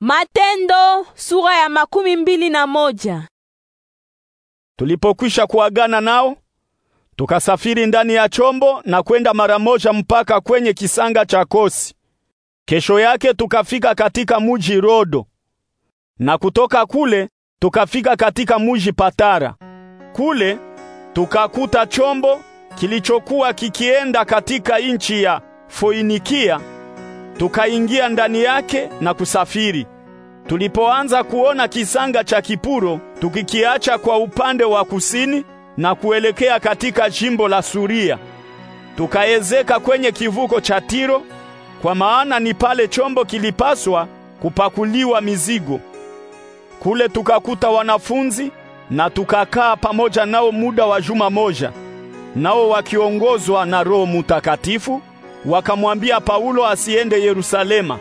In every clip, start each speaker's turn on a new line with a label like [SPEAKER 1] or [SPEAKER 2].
[SPEAKER 1] Matendo sura ya makumi mbili na moja.
[SPEAKER 2] Tulipokwisha kuagana nao tukasafiri ndani ya chombo na kwenda mara moja mpaka kwenye kisanga cha Kosi. Kesho yake tukafika katika muji Rodo na kutoka kule tukafika katika muji Patara. Kule tukakuta chombo kilichokuwa kikienda katika nchi ya Foinikia tukaingia ndani yake na kusafiri. Tulipoanza kuona kisanga cha Kipuro, tukikiacha kwa upande wa kusini na kuelekea katika jimbo la Suria, tukaezeka kwenye kivuko cha Tiro, kwa maana ni pale chombo kilipaswa kupakuliwa mizigo. Kule tukakuta wanafunzi na tukakaa pamoja nao muda wa juma moja, nao wakiongozwa na Roho Mutakatifu wakamwambia Paulo asiende Yerusalema.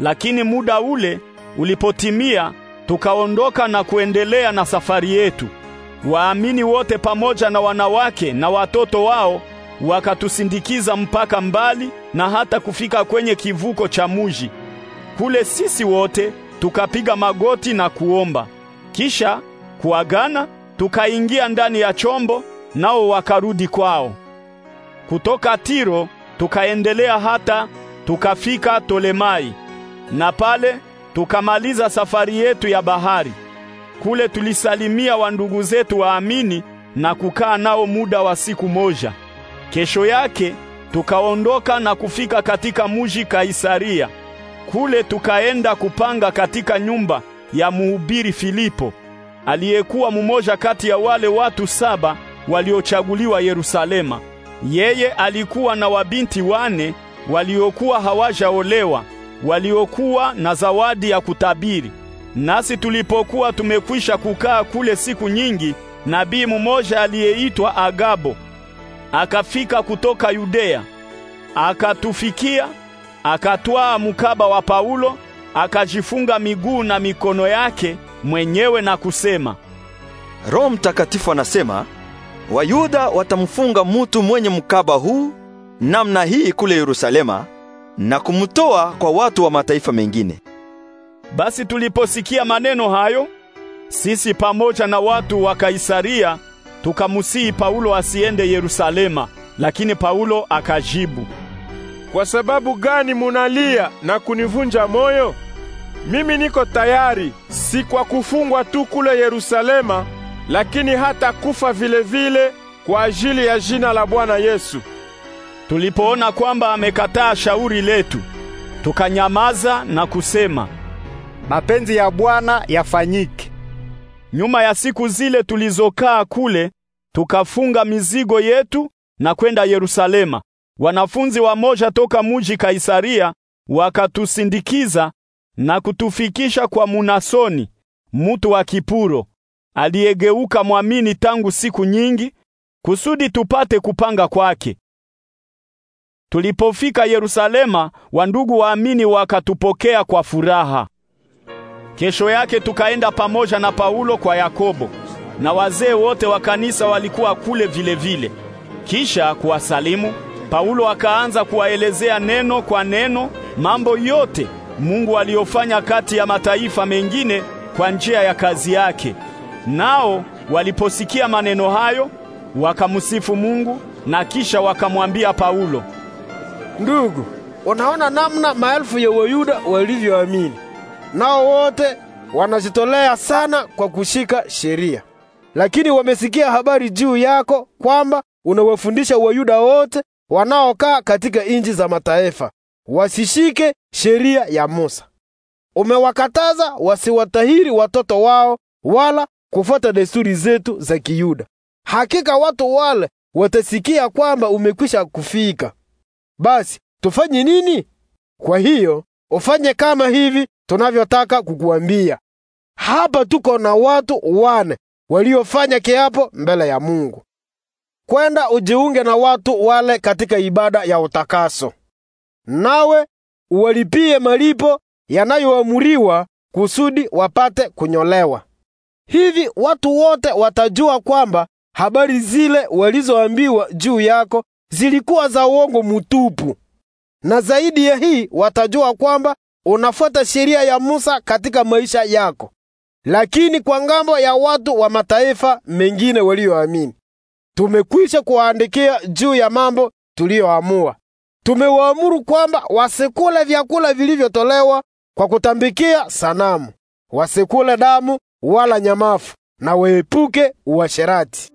[SPEAKER 2] Lakini muda ule ulipotimia, tukaondoka na kuendelea na safari yetu. Waamini wote pamoja na wanawake na watoto wao wakatusindikiza mpaka mbali na hata kufika kwenye kivuko cha muji. Kule sisi wote tukapiga magoti na kuomba. Kisha kuagana, tukaingia ndani ya chombo, nao wakarudi kwao. Kutoka Tiro tukaendelea hata tukafika Tolemai, na pale tukamaliza safari yetu ya bahari. Kule tulisalimia wandugu zetu waamini na kukaa nao muda wa siku moja. Kesho yake tukaondoka na kufika katika muji Kaisaria. Kule tukaenda kupanga katika nyumba ya muhubiri Filipo, aliyekuwa mmoja kati ya wale watu saba waliochaguliwa Yerusalema. Yeye alikuwa na wabinti wane waliokuwa hawajaolewa, waliokuwa na zawadi ya kutabiri. Nasi tulipokuwa tumekwisha kukaa kule siku nyingi, nabii mmoja aliyeitwa Agabo akafika kutoka Yudea, akatufikia, akatwaa mkaba wa Paulo, akajifunga miguu na mikono yake mwenyewe na kusema, Roho Mtakatifu anasema Wayuda watamfunga mutu mwenye mkaba huu namna hii kule Yerusalema na kumtoa kwa watu wa mataifa mengine. Basi tuliposikia maneno hayo, sisi pamoja na watu wa Kaisaria tukamusihi Paulo asiende Yerusalema, lakini Paulo akajibu, kwa sababu gani munalia na kunivunja moyo? Mimi niko tayari si kwa kufungwa tu kule Yerusalema lakini hata kufa vilevile vile kwa ajili ya jina la Bwana Yesu. Tulipoona kwamba amekataa shauri letu, tukanyamaza na kusema, mapenzi ya Bwana yafanyike. Nyuma ya siku zile tulizokaa kule, tukafunga mizigo yetu na kwenda Yerusalema. Wanafunzi wamoja toka muji Kaisaria wakatusindikiza na kutufikisha kwa Munasoni, mutu wa Kipuro, aliyegeuka mwamini tangu siku nyingi, kusudi tupate kupanga kwake. Tulipofika Yerusalema, wandugu waamini wakatupokea kwa furaha. Kesho yake tukaenda pamoja na Paulo kwa Yakobo, na wazee wote wa kanisa walikuwa kule vile vile. Kisha kuwasalimu, Paulo akaanza kuwaelezea neno kwa neno mambo yote Mungu aliyofanya kati ya mataifa mengine kwa njia ya kazi yake. Nao waliposikia maneno hayo wakamsifu Mungu na kisha wakamwambia Paulo,
[SPEAKER 1] ndugu, unaona namna maelfu ya Wayuda walivyoamini, nao wote wanajitolea sana kwa kushika sheria. Lakini wamesikia habari juu yako kwamba unawafundisha Wayuda wote wanaokaa katika nchi za mataifa wasishike sheria ya Musa. Umewakataza wasiwatahiri watoto wao wala kufuata desturi zetu za Kiyuda. Hakika watu wale watasikia kwamba umekwisha kufika. Basi tufanye nini? Kwa hiyo ufanye kama hivi tunavyotaka kukuambia. Hapa tuko na watu wane waliofanya kiapo mbele ya Mungu kwenda ujiunge na watu wale katika ibada ya utakaso, nawe uwalipie malipo yanayoamuriwa kusudi wapate kunyolewa. Hivi watu wote watajua kwamba habari zile walizoambiwa juu yako zilikuwa za uongo mutupu. Na zaidi ya hii, watajua kwamba unafuata sheria ya Musa katika maisha yako, lakini kwa ngambo ya watu wa mataifa mengine walioamini, tumekwisha kuwaandikia juu ya mambo tuliyoamua. Tumewaamuru kwamba wasikule vyakula vilivyotolewa kwa kutambikia sanamu, wasikule damu wala nyamafu, na weepuke uasherati.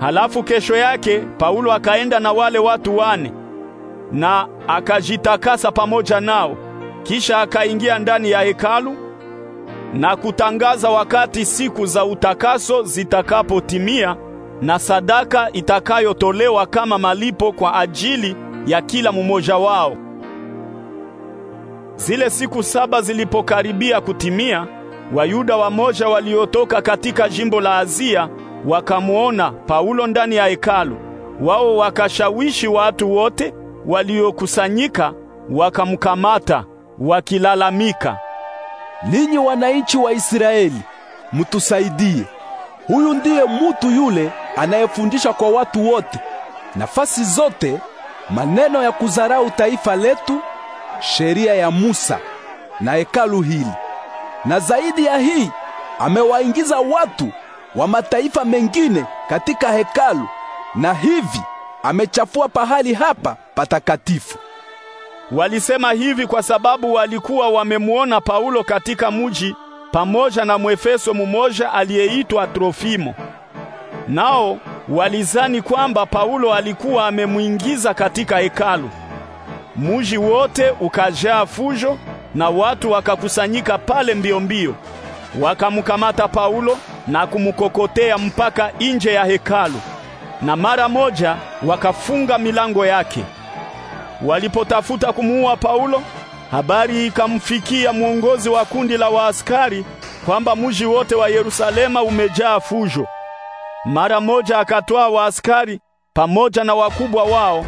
[SPEAKER 2] Halafu kesho yake Paulo akaenda na wale watu wane na akajitakasa pamoja nao, kisha akaingia ndani ya hekalu na kutangaza wakati siku za utakaso zitakapotimia na sadaka itakayotolewa kama malipo kwa ajili ya kila mmoja wao. Zile siku saba zilipokaribia kutimia, Wayuda wamoja waliotoka katika jimbo la Azia wakamwona Paulo ndani ya hekalu. Wao wakashawishi watu wote waliokusanyika, wakamkamata wakilalamika, ninyi wananchi wa Israeli, mtusaidie! Huyu ndiye mutu yule anayefundisha kwa watu wote, nafasi zote, maneno ya kuzarau taifa letu, sheria ya Musa na hekalu hili na zaidi ya hii amewaingiza watu wa mataifa mengine katika hekalu, na hivi amechafua pahali hapa patakatifu. Walisema hivi kwa sababu walikuwa wamemwona Paulo katika muji pamoja na Mwefeso mmoja aliyeitwa Trofimo. Nao walizani kwamba Paulo alikuwa amemwingiza katika hekalu. Muji wote ukajaa fujo na watu wakakusanyika pale mbio mbio, wakamkamata Paulo na kumkokotea mpaka nje ya hekalu, na mara moja wakafunga milango yake. Walipotafuta kumuua Paulo, habari ikamfikia mwongozi wa kundi la waaskari kwamba mji wote wa Yerusalema umejaa fujo. Mara moja akatoa waaskari pamoja na wakubwa wao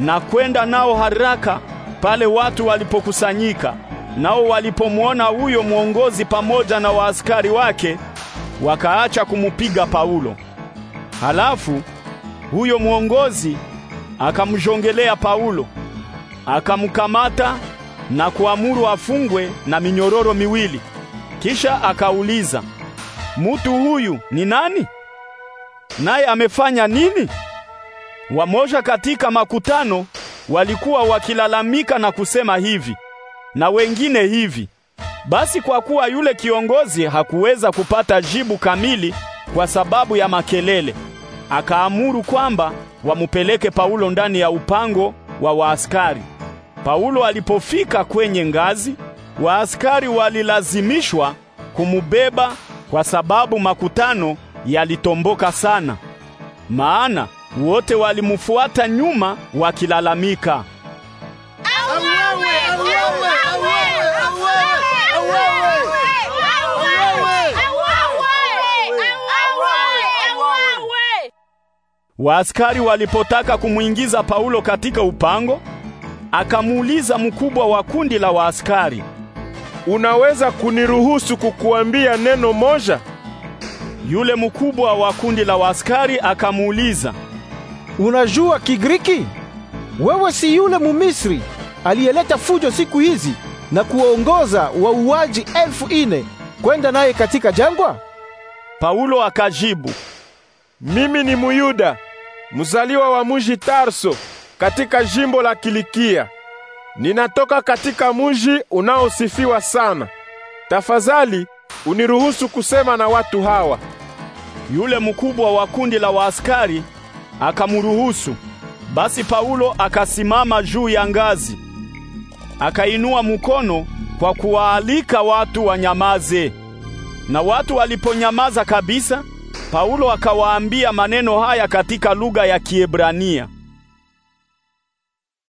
[SPEAKER 2] na kwenda nao haraka pale watu walipokusanyika. Nao walipomwona huyo mwongozi pamoja na waaskari wake wakaacha kumupiga Paulo. Halafu huyo mwongozi akamjongelea Paulo, akamkamata na kuamuru afungwe na minyororo miwili. Kisha akauliza, mutu huyu ni nani? Naye amefanya nini? Wamoja katika makutano walikuwa wakilalamika na kusema hivi: na wengine hivi. Basi kwa kuwa yule kiongozi hakuweza kupata jibu kamili kwa sababu ya makelele, akaamuru kwamba wamupeleke Paulo ndani ya upango wa waaskari. Paulo alipofika kwenye ngazi, waaskari walilazimishwa kumubeba kwa sababu makutano yalitomboka sana. Maana wote walimfuata nyuma wakilalamika. Waaskari walipotaka kumwingiza Paulo katika upango, akamuuliza mkubwa wa kundi la waaskari, "Unaweza kuniruhusu kukuambia neno moja?" Yule mkubwa wa kundi la
[SPEAKER 1] waaskari akamuuliza, "Unajua Kigiriki? Wewe si yule Mumisri aliyeleta fujo siku hizi na kuwaongoza wauaji elfu ine kwenda naye katika jangwa?" Paulo akajibu,
[SPEAKER 2] "Mimi ni Muyuda mzaliwa wa muji Tarso katika jimbo la Kilikia. Ninatoka katika muji unaosifiwa sana. Tafadhali uniruhusu kusema na watu hawa. Yule mkubwa wa kundi la waaskari akamruhusu. Basi Paulo akasimama juu ya ngazi, akainua mkono kwa kuwaalika watu wanyamaze. Na watu waliponyamaza kabisa Paulo akawaambia maneno haya katika lugha ya Kiebrania.